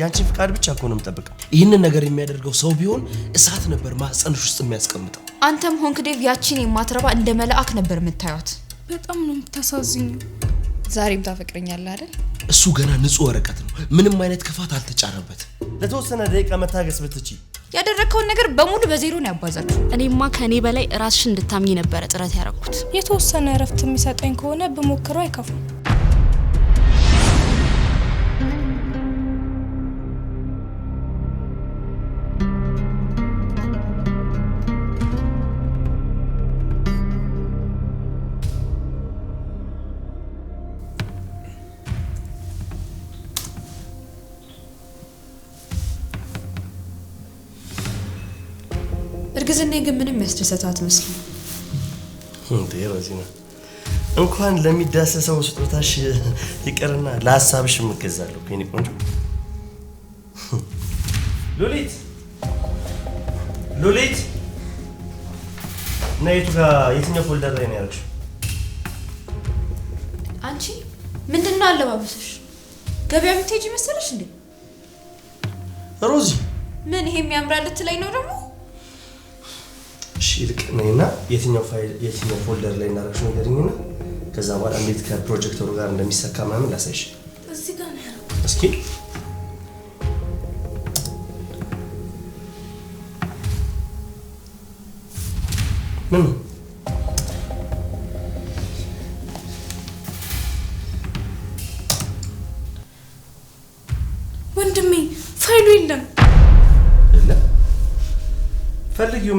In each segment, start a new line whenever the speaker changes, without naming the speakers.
ያንቺን ፍቃድ ብቻ እኮ ነው የምጠብቀው። ይህንን ነገር የሚያደርገው ሰው ቢሆን እሳት ነበር ማህፀንሽ ውስጥ የሚያስቀምጠው።
አንተም ሆንክ ዴቭ ያቺን የማትረባ እንደ መልአክ ነበር የምታዩት።
በጣም ነው የምታሳዝኝ።
ዛሬም ታፈቅረኛለህ አይደል?
እሱ ገና ንጹህ ወረቀት ነው። ምንም አይነት ክፋት አልተጫረበት።
ለተወሰነ ደቂቃ መታገስ ብትች
ያደረግከውን ነገር በሙሉ በዜሮ ነው ያባዛችሁ። እኔማ ከእኔ በላይ ራስሽ እንድታምኝ ነበረ ጥረት ያደረኩት።
የተወሰነ እረፍት የሚሰጠኝ ከሆነ ብሞክረው አይከፋም።
እርግዝኔ ግን ምንም ያስደሰታት መስል
ሮዚና፣ እንኳን ለሚዳሰሰው ስጦታሽ ይቅርና ለሀሳብሽ የምገዛለሁ የእኔ ቆንጆ ሉሊት። ሉሊት እና የቱ ጋር የትኛው ፎልደር ላይ ነው ያደረግሽው?
አንቺ ምንድን ነው አለባበስሽ? ገበያ የምትሄጂ መሰለሽ እንዴ ሮዚ? ምን ይሄ የሚያምራ ልትለኝ ነው ደግሞ
ይልቅ ነይና የትኛው ፋይል የትኛው ፎልደር ላይ እንዳደረግሽው ንገሪኝና ከዛ በኋላ እንዴት ከፕሮጀክተሩ ጋር እንደሚሰካ ምናምን ላሳይሽ። እስኪ ምን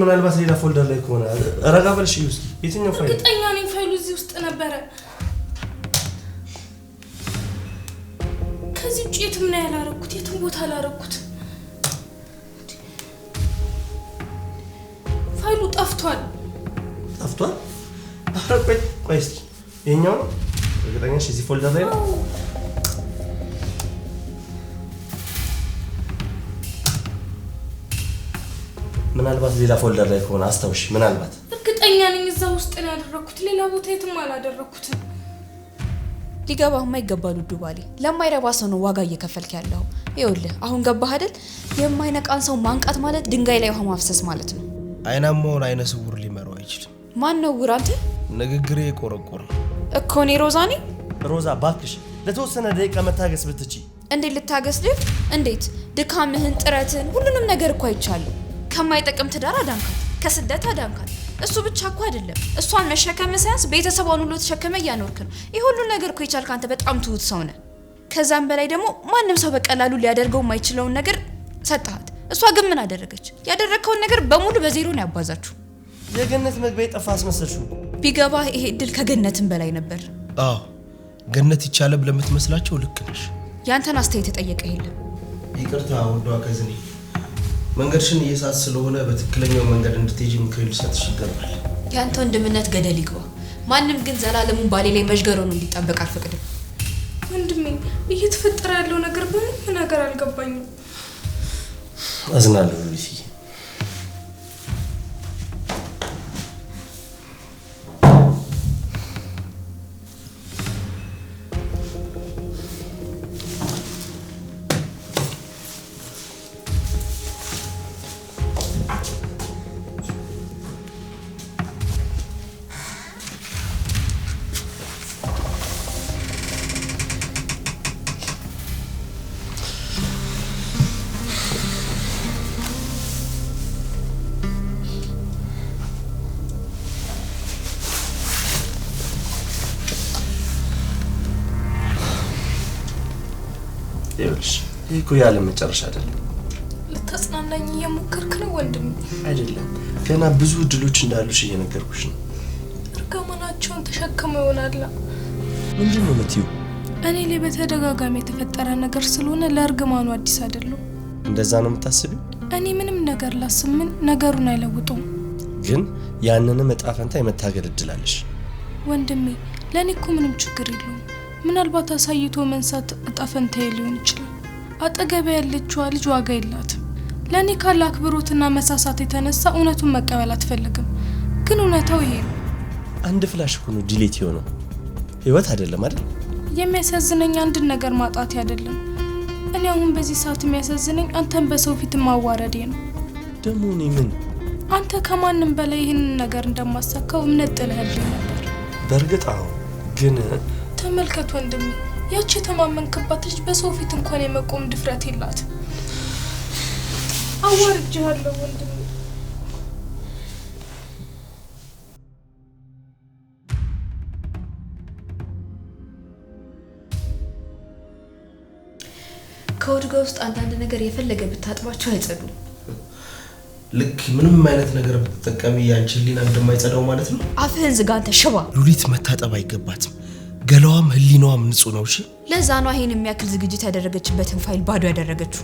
ምናልባት ሌላ ፎልደር ላይ ከሆነ ረጋ በልሽ እስኪ። የትኛው
ፋይል? እርግጠኛ ነኝ ፋይሉ እዚህ ውስጥ ነበረ። ከዚህ ውጭ የትም ነው ያላረኩት፣ የትም ቦታ አላረኩት። ፋይሉ ጠፍቷል።
ጠፍቷል? ቆይ ቆይ የኛው ነው? እዚህ ፎልደር ላይ ነው? ምናልባት ሌላ ፎልደር ላይ ከሆነ አስታውሽ። ምናልባት
እርግጠኛ ነኝ እዛ ውስጥ ነው ያደረግኩት። ሌላ ቦታ የትም አላደረኩትም።
ሊገባህማ ይገባል ውዱ ባሌ። ለማይረባ ሰው ነው ዋጋ እየከፈልክ ያለው። ይኸውልህ አሁን ገባህ አይደል? የማይነቃን ሰው ማንቃት ማለት ድንጋይ ላይ ውሃ ማፍሰስ ማለት ነው።
አይናም መሆን አይነ ስውር ሊመራው አይችልም።
ማን ነው ውር? አንተ
ንግግሬ የቆረቆር
እኮ እኔ ሮዛ ነኝ።
ሮዛ ባክሽ ለተወሰነ ደቂቃ መታገስ ብትቺ።
እንዴት ልታገስ ልህ? እንዴት ድካምህን፣ ጥረትን፣ ሁሉንም ነገር እኮ አይቻለሁ ከማይጠቅም ትዳር አዳንካት፣ ከስደት አዳንካት። እሱ ብቻ እኮ አይደለም፣ እሷን መሸከም ሳያንስ ቤተሰቧን ሁሉ ተሸከመ እያኖርክ ነው። ይህ ሁሉ ነገር እኮ የቻልክ አንተ በጣም ትሁት ሰው ነህ። ከዛም በላይ ደግሞ ማንም ሰው በቀላሉ ሊያደርገው የማይችለውን ነገር ሰጠሃት። እሷ ግን ምን አደረገች? ያደረግከውን ነገር በሙሉ በዜሮ ነው ያባዛችሁ።
የገነት መግቢያ የጠፋ አስመሰልሽው።
ቢገባ ይሄ እድል ከገነትም በላይ ነበር።
አዎ ገነት ይቻለ ብለምትመስላቸው ልክ ነሽ።
ያንተን አስተያየት የጠየቀ የለም።
ይቅርታ ወዷ ከዝኔ መንገድሽን እየሳት ስለሆነ በትክክለኛው መንገድ እንድትሄጂ ምክር ሊሰጥሽ ይገባል።
የአንተ ወንድምነት ገደል ይግባ። ማንም ግን ዘላለሙን ባሌ ላይ መዥገሩን እንዲጠበቅ አልፈቅድም።
ወንድሜ እየተፈጠረ ያለው ነገር በምን ነገር አልገባኝም።
አዝናለሁ ሉሲ የዓለም መጨረሻ አይደለም።
ልታጽናናኝ እየሞከርክ ነው ወንድም?
አይደለም፣ ገና ብዙ እድሎች እንዳሉሽ እየነገርኩሽ ነው።
እርግማናቸውን ተሸክመ ይሆናል
ምንድን ነው የምትይው?
እኔ ላይ በተደጋጋሚ የተፈጠረ ነገር ስለሆነ ለእርግማኑ አዲስ አይደለም።
እንደዛ ነው የምታስብ
እኔ ምንም ነገር ላስምን ነገሩን አይለውጡም።
ግን ያንንም እጣ ፈንታ የመታገል እድላለሽ
ወንድሜ። ለእኔ እኮ ምንም ችግር የለውም። ምናልባት አሳይቶ መንሳት እጣ ፈንታዬ ሊሆን ይችላል። አጠገቢያ ያለችዋ ልጅ ዋጋ የላትም። ለእኔ ካለ አክብሮትና መሳሳት የተነሳ እውነቱን መቀበል አትፈልግም። ግን እውነታው ይሄ ነው።
አንድ ፍላሽ ሆኖ ዲሊት የሆነው ህይወት አይደለም አይደል?
የሚያሳዝነኝ አንድን ነገር ማጣት አይደለም። እኔ አሁን በዚህ ሰዓት የሚያሳዝነኝ አንተን በሰው ፊት ማዋረዴ ነው።
ደግሞ እኔ ምን
አንተ ከማንም በላይ ይህንን ነገር እንደማሳካው እምነት ጥለህልኝ ነበር።
በእርግጥ አዎ። ግን
ተመልከት ወንድሜ ያቺ የተማመንክባት ልጅ በሰው ፊት እንኳን የመቆም ድፍረት የላት። አዋርጅሃለሁ ወንድ
ከወድጋ ውስጥ አንዳንድ ነገር የፈለገ ብታጥባቸው አይጸዱም።
ልክ ምንም አይነት ነገር ብትጠቀሚ ያንቺን ሊና እንደማይጸዳው ማለት ነው።
አፍህን ዝጋ አንተ ሽባ!
ሉሊት መታጠብ አይገባትም። ገላዋም ህሊናዋም ንጹህ ነው። እሺ፣
ለዛ ነው ይሄን የሚያክል ዝግጅት ያደረገችበትን ፋይል ባዶ ያደረገችው።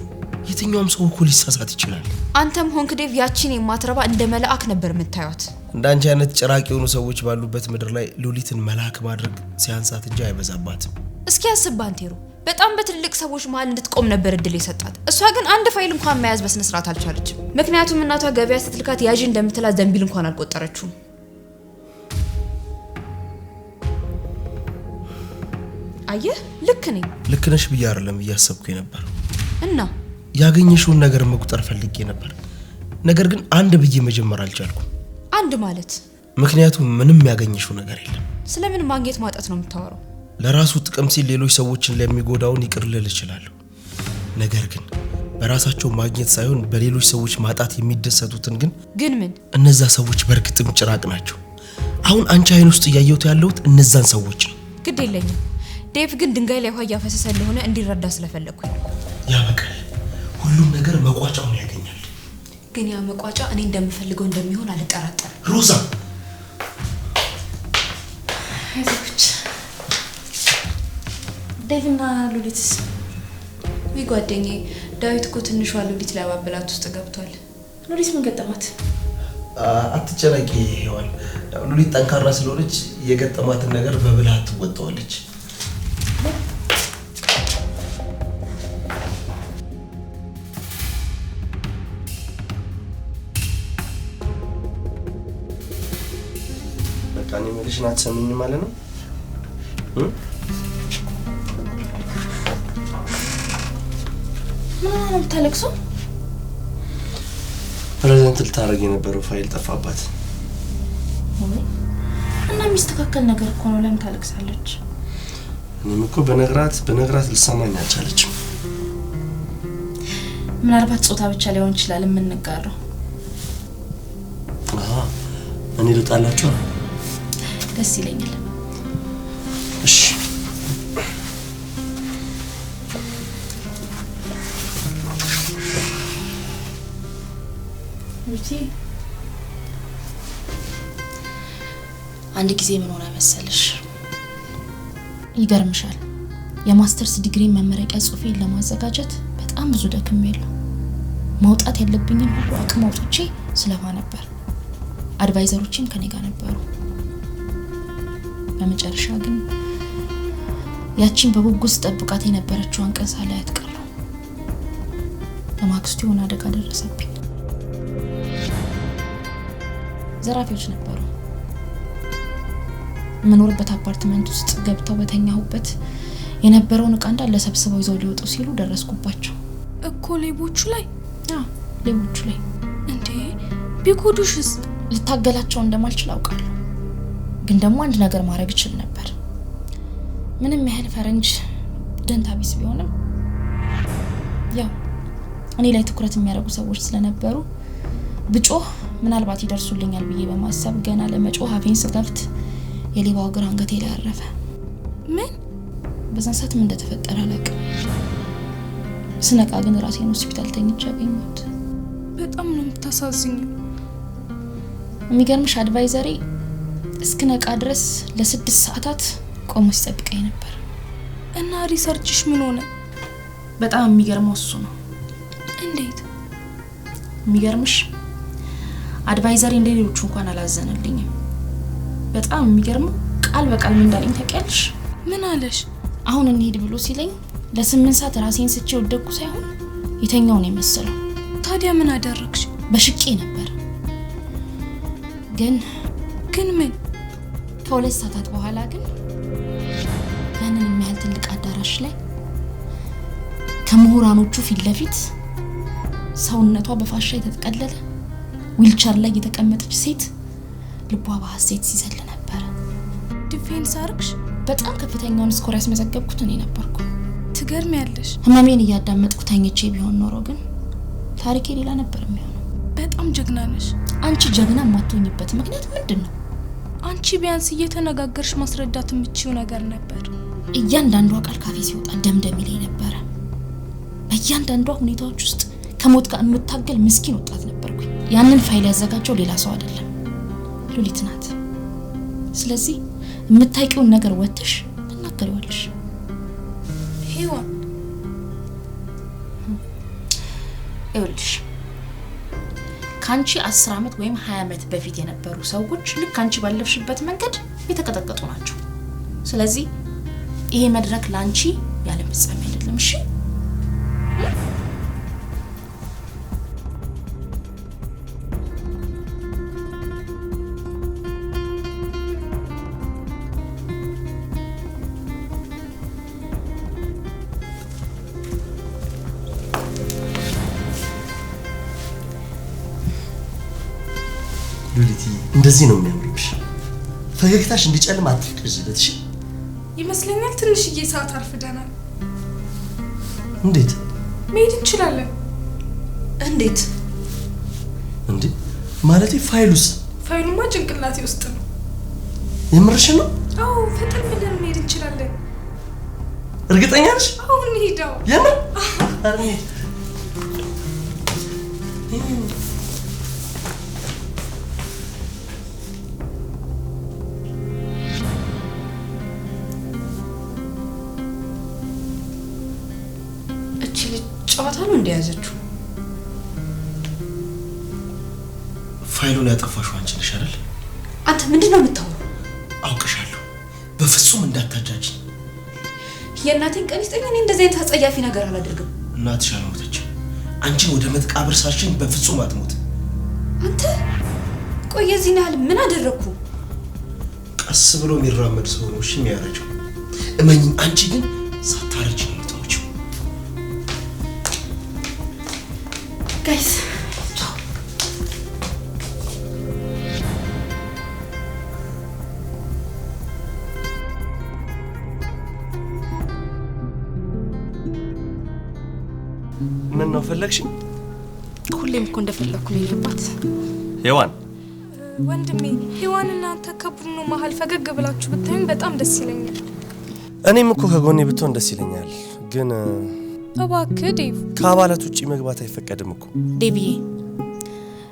የትኛውም ሰው እኮ ሊሳሳት ይችላል።
አንተም ሆንክ ዴቭ ያቺን የማትረባ እንደ መልአክ ነበር የምታዩት።
እንደ አንቺ አይነት ጭራቅ የሆኑ ሰዎች ባሉበት ምድር ላይ ሉሊትን መልአክ ማድረግ ሲያንሳት እንጂ አይበዛባትም።
እስኪ ያስብ ባንቴሮ፣ በጣም በትልቅ ሰዎች መሀል እንድትቆም ነበር እድል የሰጣት። እሷ ግን አንድ ፋይል እንኳን መያዝ በስነስርዓት አልቻለችም። ምክንያቱም እናቷ ገበያ ስትልካት ያዥ እንደምትላት ዘንቢል እንኳን አልቆጠረችውም። አየህ ልክ ነኝ።
ልክ ነሽ ብዬ አይደለም እያሰብኩ ነበር እና ያገኘሽውን ነገር መቁጠር ፈልጌ ነበር፣ ነገር ግን አንድ ብዬ መጀመር አልቻልኩም። አንድ ማለት ምክንያቱም ምንም ያገኘሽው ነገር የለም።
ስለምን ማግኘት ማጣት ነው የምታወራው?
ለራሱ ጥቅም ሲል ሌሎች ሰዎችን ለሚጎዳውን ይቅር ልል እችላለሁ። ነገር ግን በራሳቸው ማግኘት ሳይሆን በሌሎች ሰዎች ማጣት የሚደሰቱትን ግን ግን ምን እነዛ ሰዎች በእርግጥም ጭራቅ ናቸው። አሁን አንቺ አይን ውስጥ እያየሁት ያለሁት እነዛን ሰዎች ነው።
ግድ የለኝም ዴቭ ግን ድንጋይ ላይ ውሃ እያፈሰሰ እንደሆነ እንዲረዳ ስለፈለግኩኝ
ያ በቃ ሁሉም ነገር መቋጫውን ያገኛል።
ግን ያ መቋጫ እኔ እንደምፈልገው እንደሚሆን አልጠራጠርም።
ሮዛ
ዴቭና ሉሊትስ? ውይ ጓደኛዬ ዳዊት እኮ ትንሿ ሉሊት ላይ ውስጥ ገብቷል። ሉሊት ምን ገጠማት?
አትጨነቂ፣ ይሄዋል ሉሊት ጠንካራ ስለሆነች የገጠማትን ነገር በብልሃት ትወጣዋለች። አንቺን አትሰሚኝ ማለት ነው።
ምን ነው
ፕሬዘንት ልታደርግ የነበረው ፋይል ጠፋባት
እና የሚስተካከል ነገር እኮ ነው። ለምን ታለቅሳለች?
እኔም እኮ በነግራት በነግራት ልሰማኝ አልቻለችም።
ምናልባት ጾታ ብቻ ሊሆን ይችላል የምንጋራው።
እኔ ልጣላችሁ ደስ ይለኛል። እሺ
አንድ ጊዜ ምን ሆነ መሰለሽ፣ ይገርምሻል የማስተርስ ዲግሪ መመረቂያ ጽሑፌን ለማዘጋጀት በጣም ብዙ ደክም መውጣት ማውጣት ያለብኝን ሁሉ አቅም አውጥቼ ስለፋ ነበር። አድቫይዘሮችም ከኔ ጋር ነበሩ። በመጨረሻ ግን ያቺን በጉጉት ጠብቃት የነበረችዋን ቀን ሳላያት ቀረሁ። በማግስቱ የሆነ አደጋ ደረሰብኝ። ዘራፊዎች ነበሩ። የምኖርበት አፓርትመንት ውስጥ ገብተው በተኛሁበት የነበረውን እቃ እንዳለ ሰብስበው ይዘው ሊወጡ ሲሉ ደረስኩባቸው።
እኮ ሌቦቹ ላይ ሌቦቹ ላይ እንዴ! ቢጎዱሽስ?
ልታገላቸው እንደማልችል አውቃለሁ። ግን ደግሞ አንድ ነገር ማድረግ እችል ነበር። ምንም ያህል ፈረንጅ ደንታ ቢስ ቢሆንም ያው እኔ ላይ ትኩረት የሚያደርጉ ሰዎች ስለነበሩ ብጮህ ምናልባት ይደርሱልኛል ብዬ በማሰብ ገና ለመጮህ አፌን ስከፍት የሌባው እግር አንገቴ ላይ አረፈ። ምን በዛን ሰዓት ምን እንደተፈጠረ አላውቅም። ስነቃ ግን ራሴን ሆስፒታል ተኝቼ አገኘሁት።
በጣም ነው የምታሳዝኝ።
የሚገርምሽ አድቫይዘሪ እስክነቃ ድረስ ለስድስት ሰዓታት ቆሞ ሲጠብቀኝ ነበር።
እና ሪሰርችሽ ምን ሆነ?
በጣም የሚገርመው እሱ ነው። እንዴት? የሚገርምሽ አድቫይዘሪ እንደ ሌሎቹ እንኳን አላዘነልኝም። በጣም የሚገርመው ቃል በቃል ምን እንዳለኝ ታውቂያለሽ? ምን አለሽ? አሁን እንሄድ ብሎ ሲለኝ ለስምንት ሰዓት ራሴን ስቼ ወደቅኩ ሳይሆን የተኛው ነው የመሰለው።
ታዲያ ምን አደረግሽ?
በሽቄ ነበር ግን ግን ምን ከሁለት ሰዓታት በኋላ ግን ያንን የሚያህል ትልቅ አዳራሽ ላይ ከምሁራኖቹ ፊት ለፊት ሰውነቷ በፋሻ የተጠቀለለ ዊልቸር ላይ የተቀመጠች ሴት ልቧ በሐሴት ሲዘል ነበረ።
ዲፌንስ አርግሽ
በጣም ከፍተኛውን ስኮር ያስመዘገብኩት እኔ ነበርኩ። ያለሽ ህመሜን እያዳመጥኩ ተኝቼ ቢሆን ኖሮ ግን ታሪኬ ሌላ ነበር የሚሆነው።
በጣም ጀግና ነሽ።
አንቺ ጀግና የማትሆኝበት ምክንያት ምንድን ነው?
አንቺ ቢያንስ እየተነጋገርሽ ማስረዳት የምችው ነገር ነበር።
እያንዳንዷ ቃል ካፌ ሲወጣ ደምደም ይለኝ ነበረ። በእያንዳንዷ ሁኔታዎች ውስጥ ከሞት ጋር የምታገል ምስኪን ወጣት ነበርኩኝ። ያንን ፋይል ያዘጋጀው ሌላ ሰው አይደለም፣ ሉሊት ናት። ስለዚህ የምታውቂውን ነገር ወጥሽ ትናገሪዋለሽ። ሄዋን ይኸውልሽ ከአንቺ 10 ዓመት ወይም 20 ዓመት በፊት የነበሩ ሰዎች ልክ አንቺ ባለፍሽበት መንገድ የተቀጠቀጡ ናቸው። ስለዚህ ይሄ መድረክ ለአንቺ ያለ ፍጻሜ አይደለም። እሺ
እንደዚህ ነው የሚያምርብሽ። ፈገግታሽ እንዲጨልም አትፍቅጅለት። እሺ
ይመስለኛል። ትንሽዬ ሰዓት አርፍደናል። እንዴት መሄድ እንችላለን?
እንዴት
እንዴ? ማለቴ ፋይሉስ?
ፋይሉማ ጭንቅላቴ ውስጥ ነው። የምርሽ ነው? አዎ፣ ፈጠን ብለን መሄድ እንችላለን። እርግጠኛ ነሽ? አሁን ሄዳው
የምር እንደ ያዘችው ፋይሉን ያጠፋሽው አንቺ ነሽ አይደል?
አንተ ምንድን ነው የምታወራው?
አውቅሻለሁ። በፍጹም እንዳታጃጅ።
የእናቴን ቀን ይስጠኝ። እኔ እንደዚህ አይነት አጸያፊ ነገር አላደርግም።
እናትሽ አልሞተች። አንቺን ወደ መጥቃብር ሳሽኝ በፍጹም አትሞት።
አንተ ቆይ፣ የዚህን ያህል ምን አደረግኩ?
ቀስ ብሎ የሚራመድ ሰው ነው እሺ የሚያረጀው። እመኝ፣ አንቺ ግን ሳታረጅኝ
guys. Ciao.
ምን ነው ፈለግሽኝ?
ሁሌም እኮ እንደፈለግኩ ነው የገባት።
ሔዋን
ወንድሜ፣ ሔዋን እናንተ ከቡድኑ መሀል ፈገግ ብላችሁ ብታዩን በጣም ደስ ይለኛል።
እኔም እኮ ከጎኔ ብትሆን ደስ ይለኛል ግን
እባክህ ዴቭ፣
ከአባላት ውጭ መግባት አይፈቀድም እኮ
ዴቪዬ።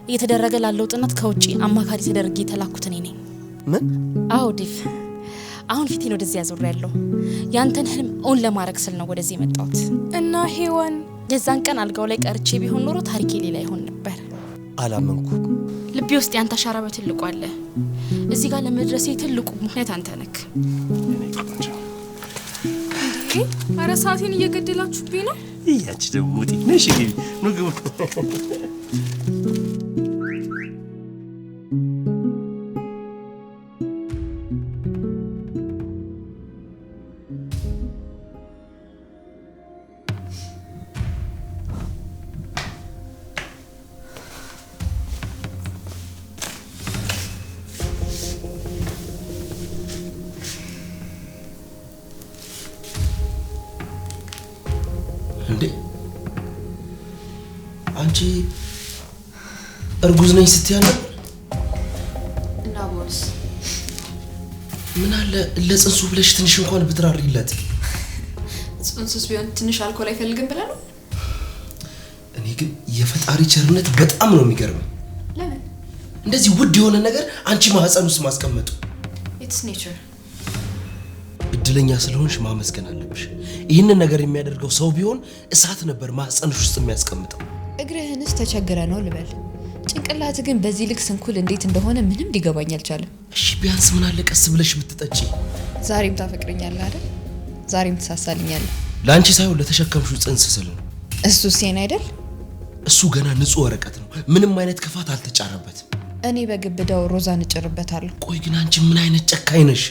እየተደረገ ላለው ጥናት ከውጭ አማካሪ ተደርጌ የተላኩት እኔ ነኝ። ምን? አዎ ዴቭ፣ አሁን ፊቴን ወደዚህ ያዞር ያለው ያንተን ህልም እውን ለማድረግ ስል ነው ወደዚህ የመጣሁት።
እና ሄዋን
የዛን ቀን አልጋው ላይ ቀርቼ ቢሆን ኖሮ ታሪኬ ሌላ ይሆን ነበር። አላመንኩ። ልቤ ውስጥ ያንተ አሻራ በትልቁ አለ። እዚህ ጋር ለመድረሴ ትልቁ ምክንያት አንተ ነክ
ኧረ ሰዓቴን እየገደላችሁብኝ ነው።
እያች ደግሞ ነሽ ምግብ ነኝ ስትይ አልነበር? እና ቦስ ምን አለ ለጽንሱ ብለሽ ትንሽ እንኳን ብትራሪለት።
ጽንሱስ ቢሆን ትንሽ አልኮል አይፈልግም ብለህ ነው?
እኔ ግን የፈጣሪ ቸርነት በጣም ነው የሚገርም ለምን እንደዚህ ውድ የሆነ ነገር አንቺ ማህፀን ውስጥ ማስቀመጡ? ኢትስ ኔቸር። እድለኛ ስለሆንሽ ማመስገን አለብሽ። ይህንን ነገር የሚያደርገው ሰው ቢሆን እሳት ነበር ማህፀንሽ ውስጥ የሚያስቀምጠው።
እግርህንስ ተቸግረ ነው ልበል ጭንቅላት ግን በዚህ ልክ ስንኩል እንዴት እንደሆነ ምንም ሊገባኝ አልቻለም።
እሺ ቢያንስ ምን አለ ቀስ ብለሽ ብትጠጪ።
ዛሬም ታፈቅረኛለህ አይደል? ዛሬም ትሳሳልኛለህ።
ለአንቺ ሳይሆን ለተሸከምሹ ጽንስ ስል ነው።
እሱ ሴን አይደል?
እሱ ገና ንጹህ ወረቀት ነው። ምንም አይነት ክፋት አልተጫረበትም።
እኔ በግብዳው ሮዛን እጭርበታለሁ።
ቆይ ግን አንቺ ምን አይነት ጨካኝ ነሽ?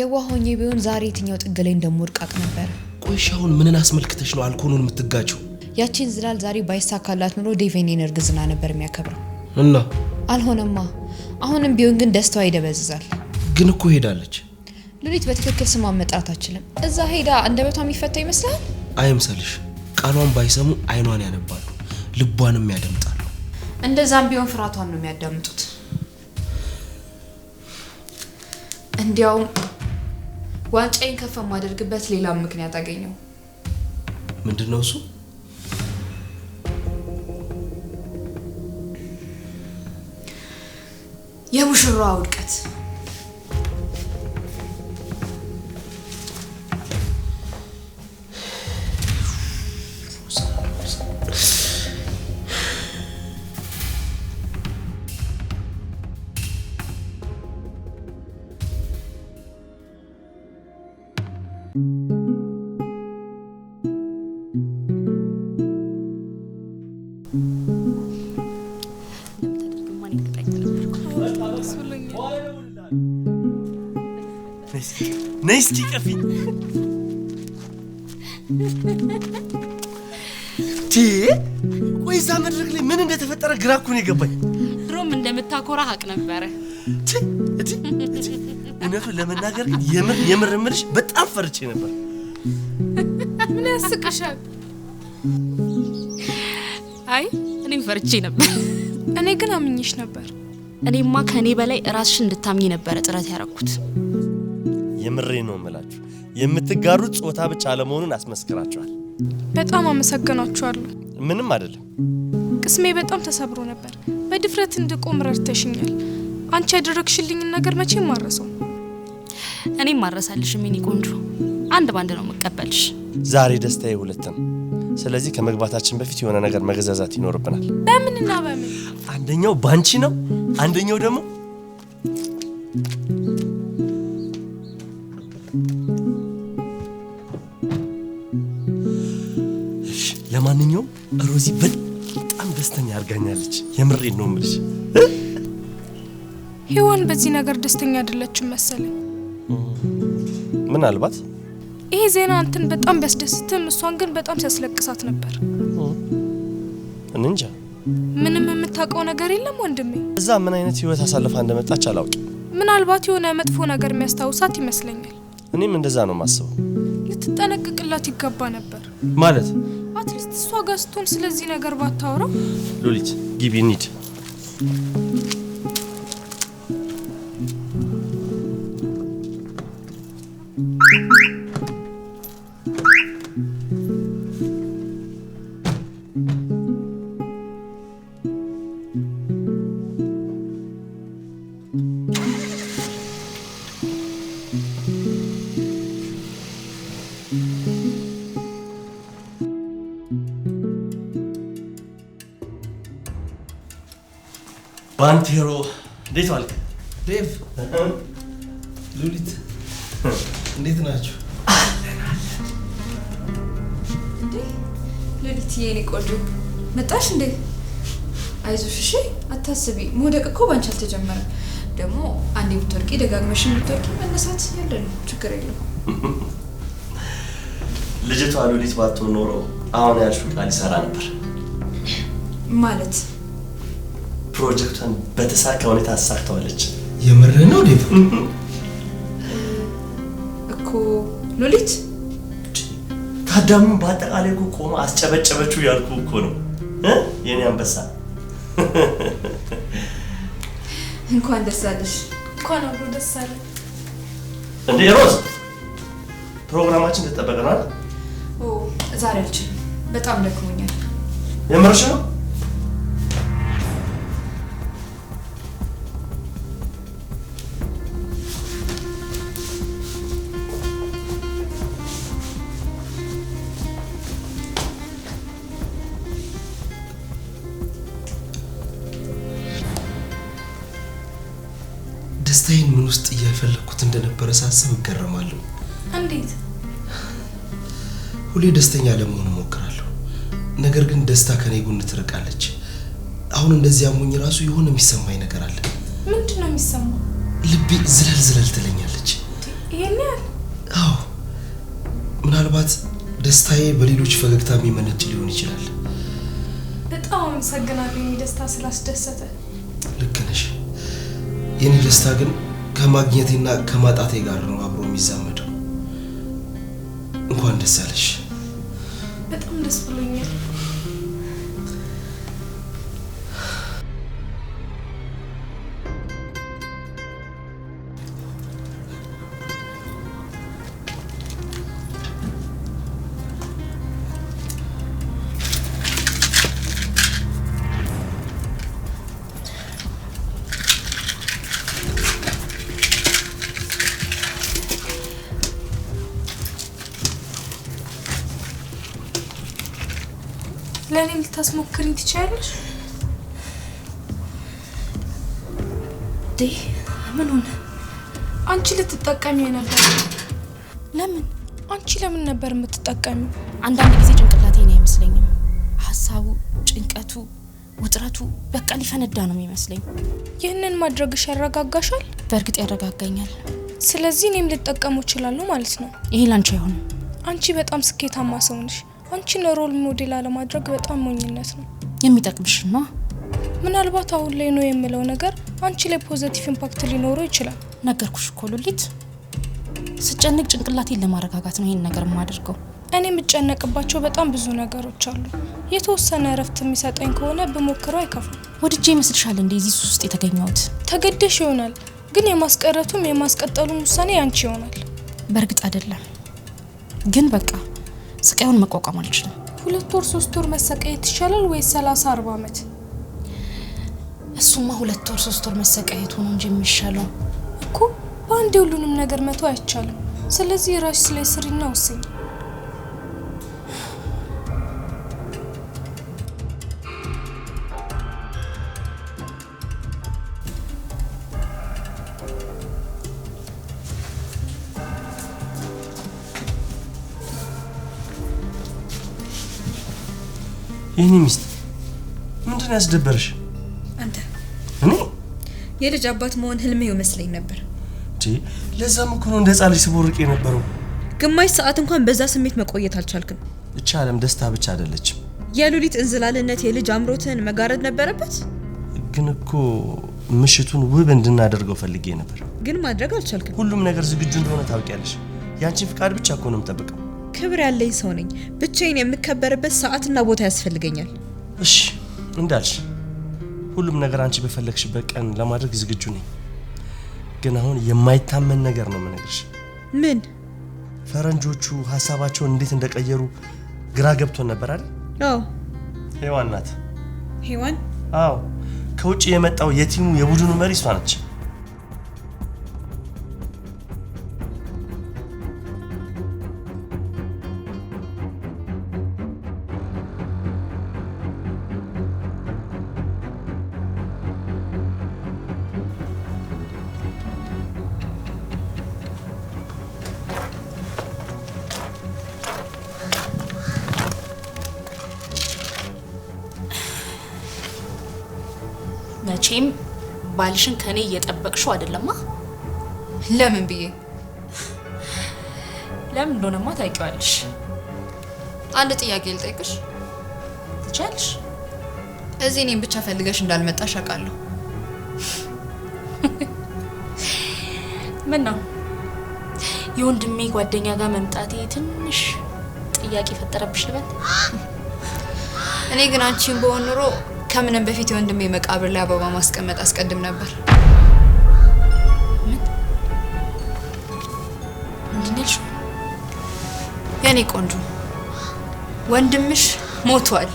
የዋሆኜ ቢሆን ዛሬ የትኛው ጥግ ላይ እንደምወድቅ አውቅ ነበር።
ቆይሽ አሁን ምንን አስመልክተሽ ነው አልኮኑን የምትጋቸው?
ያቺን ዝላል ዛሬ ባይሳካላት ኑሮ ዴቬኔን እርግዝና ነበር የሚያከብረው። እና አልሆነማ። አሁንም ቢሆን ግን ደስታዋ ይደበዝዛል።
ግን እኮ ሄዳለች።
ሉሊት በትክክል ስሟን መጥራት አችልም። እዛ ሄዳ አንደበቷ የሚፈታ ይመስላል።
አይምሰልሽ። ቃሏን ባይሰሙ አይኗን ያነባሉ፣ ልቧንም ያደምጣሉ።
እንደዛም ቢሆን ፍርሃቷን ነው የሚያዳምጡት። እንዲያውም ዋንጫዬን ከፍ የማደርግበት ሌላም ምክንያት አገኘው። ምንድን ነው እሱ? የሙሽራዋ ውድቀት
በፊት ቆይ፣ እዛ መድረክ ላይ ምን እንደተፈጠረ ግራ እኮ ነው የገባኝ።
ድሮም እንደምታኮራ ሀቅ ነበረ።
እውነቱን ለመናገር ግን የምር የምር እምልሽ በጣም ፈርቼ ነበር።
ምን ያስቅሻል?
አይ እኔም ፈርቼ ነበር።
እኔ ግን አምኜሽ ነበር።
እኔማ ከእኔ በላይ እራስሽ እንድታምኝ ነበረ ጥረት ያደረኩት።
የምሬ ነው የምላችሁ የምትጋሩት ጾታ ብቻ አለመሆኑን አስመስክራችኋል።
በጣም አመሰግናችኋለሁ። ምንም አይደለም። ቅስሜ በጣም ተሰብሮ ነበር። በድፍረት እንድቆም ረድተሽኛል። አንቺ ያደረግሽልኝን ነገር መቼም ማረሰው።
እኔ ማረሳልሽ ሚኒ ቆንጆ። አንድ ባንድ ነው የምቀበልሽ።
ዛሬ ደስታዬ ሁለት ነው። ስለዚህ ከመግባታችን በፊት የሆነ ነገር መገዛዛት ይኖርብናል።
በምንና በምን?
አንደኛው ባንቺ ነው፣ አንደኛው ደግሞ ለማንኛውም ሮዚ በጣም ደስተኛ አድርጋኛለች። የምሬን ነው ምልሽ።
ሄዋን በዚህ ነገር ደስተኛ አይደለችም መሰለኝ። ምናልባት ይሄ ዜና አንተን በጣም ቢያስደስትም እሷን ግን በጣም ሲያስለቅሳት ነበር። እንንጃ ምንም የምታውቀው ነገር የለም ወንድሜ።
እዛ ምን አይነት ህይወት አሳልፋ እንደመጣች አላውቅም።
ምናልባት የሆነ መጥፎ ነገር የሚያስታውሳት ይመስለኛል።
እኔም እንደዛ ነው የማስበው።
ልትጠነቅቅላት ይገባ ነበር ማለት እሷ ጋር ስትሆን ስለዚህ ነገር ባታወራው።
ሉሊት ጊቢ እንሂድ። ባንቴሮ እንዴት ዋልክ? ዴቭ ሉሊት እንዴት ናችሁ?
ሉሊት የኔ ቆንጆ መጣሽ እንዴ? አይዞሽ እሺ፣ አታስቢ። መውደቅ እኮ ባንቺ አልተጀመረም። ደግሞ አንዴ ብትወርቂ ደጋግመሽ ብትወርቂ መነሳት ያለ ነው፣ ችግር የለው
ልጅቷ ሉሊት ባትሆን ኖሮ አሁን ያልሽው ቃል ይሰራ ነበር ማለት ፕሮጀክቷን በተሳካ ሁኔታ አሳክተዋለች። የምር ነው ዴቭ
እኮ ሉሊት
ታዳሙን በአጠቃላይ እኮ ቆመ አስጨበጨበችው ያልኩ እኮ ነው የኔ አንበሳ።
እንኳን ደስ አለሽ።
እንኳን አብሮ ደስ አለ።
እንዴ ሮዝ፣ ፕሮግራማችን ተጠበቀናል።
ዛሬ አልችልም፣ በጣም ደክሞኛል።
የምርሽ ነው ምን ውስጥ እያፈለግኩት እንደነበረ ሳስብ እገረማለሁ። እንዴት? ሁሌ ደስተኛ ለመሆን እሞክራለሁ፣ ነገር ግን ደስታ ከኔ ጎን ትርቃለች። አሁን እንደዚህ አሞኝ ራሱ የሆነ የሚሰማኝ ነገር አለ።
ምንድን ነው የሚሰማው?
ልቤ ዝለል ዝለል ትለኛለች። ይሄን ያህል? አዎ፣ ምናልባት ደስታዬ በሌሎች ፈገግታ የሚመነጭ ሊሆን ይችላል።
በጣም አመሰግናለሁ የኔ ደስታ ስላስደሰተ።
ልክ ነሽ። የኔ ደስታ ግን ከማግኘቴና ከማጣቴ ጋር ነው አብሮ የሚዛመደው። እንኳን ደስ አለሽ።
በጣም ደስ ብሎኛል። ልታስሞክሪኝ ትችያለሽ? ምን ሆነ? አንቺ ልትጠቀሚ ነበር። ለምን? አንቺ ለምን ነበር የምትጠቀሚው?
አንዳንድ ጊዜ ነው አይመስለኝም። ሀሳቡ፣ ጭንቀቱ፣ ውጥረቱ በቃ ሊፈነዳ ነው የሚመስለኝ።
ይህንን ማድረግሽ ያረጋጋሻል?
በእርግጥ ያረጋጋኛል።
ስለዚህ እኔም ልጠቀሙ እችላለሁ ማለት ነው።
ይሄ ላንቺ አይሆንም።
አንቺ በጣም ስኬታማ ሰው ነሽ። አንቺን ሮል ሞዴል አለማድረግ በጣም ሞኝነት ነው።
የሚጠቅምሽ ነው።
ምናልባት አሁን ላይ ነው የምለው ነገር አንቺ ላይ ፖዘቲቭ ኢምፓክት ሊኖረው ይችላል።
ነገርኩሽ እኮ ሉሊት፣ ስጨንቅ ጭንቅላቴን ለማረጋጋት ነው ይህን ነገር የማደርገው።
እኔ የምጨነቅባቸው በጣም ብዙ ነገሮች አሉ። የተወሰነ እረፍት የሚሰጠኝ ከሆነ ብሞክረው አይከፋም።
ወድጄ ይመስልሻል እንዴ እዚህ ውስጥ የተገኘሁት?
ተገደሽ ይሆናል ግን የማስቀረቱም የማስቀጠሉም ውሳኔ ያንቺ ይሆናል።
በእርግጥ አይደለም ግን በቃ ስቃዩን መቋቋም አልችልም።
ሁለት ወር ሶስት ወር መሰቃየት ይሻላል ወይስ ሰላሳ አርባ ዓመት?
እሱማ ሁለት ወር ሶስት ወር መሰቃየት ሆኖ እንጂ የሚሻለው
እኮ በአንድ የሁሉንም ነገር መቶ አይቻልም። ስለዚህ ራሽ ስለ ስሪና ወስኝ
የኔ ሚስት ምንድን ያስደበርሽ? አንተ እኔ
የልጅ አባት መሆን ህልሜ ይመስለኝ ነበር።
ለዛም እኮ ነው እንደ ህፃን ልጅ ስቦርቅ የነበረው።
ግማሽ ሰዓት እንኳን በዛ ስሜት መቆየት አልቻልክም።
እቻ አለም ደስታ ብቻ አይደለችም።
የሉሊት እንዝላልነት የልጅ አምሮትን መጋረድ ነበረበት።
ግን እኮ ምሽቱን ውብ እንድናደርገው ፈልጌ ነበር፣
ግን ማድረግ አልቻልክም።
ሁሉም ነገር ዝግጁ እንደሆነ ታውቂያለሽ። ያንቺን ፍቃድ ብቻ እኮ ነው የምጠብቀው።
ክብር ያለኝ ሰው ነኝ። ብቻዬን የምከበርበት ሰዓትና ቦታ ያስፈልገኛል።
እሺ እንዳልሽ፣ ሁሉም ነገር አንቺ በፈለግሽበት ቀን ለማድረግ ዝግጁ ነኝ። ግን አሁን የማይታመን ነገር ነው የምነግርሽ። ምን? ፈረንጆቹ ሀሳባቸውን እንዴት እንደቀየሩ ግራ ገብቶን ነበር አይደል? አዎ። ሄዋን ናት። ሄዋን? አዎ። ከውጭ የመጣው የቲሙ የቡድኑ መሪ እሷ ነች።
መቼም ባልሽን ከኔ እየጠበቅሽው አይደለማ። ለምን ብዬ ለምን እንደሆነማ ታውቂዋለሽ።
አንድ ጥያቄ ልጠይቅሽ ትቻለሽ? እዚህ እኔም ብቻ ፈልገሽ እንዳልመጣሽ አውቃለሁ።
ምን ነው የወንድሜ ጓደኛ ጋር መምጣቴ ትንሽ ጥያቄ ፈጠረብሽ ልበል?
እኔ ግን አንቺን በሆን ኑሮ ከምንም በፊት የወንድሜ መቃብር ላይ አበባ ማስቀመጥ አስቀድም ነበር።
ምንድንሽ? የኔ ቆንጆ ወንድምሽ ሞቷል።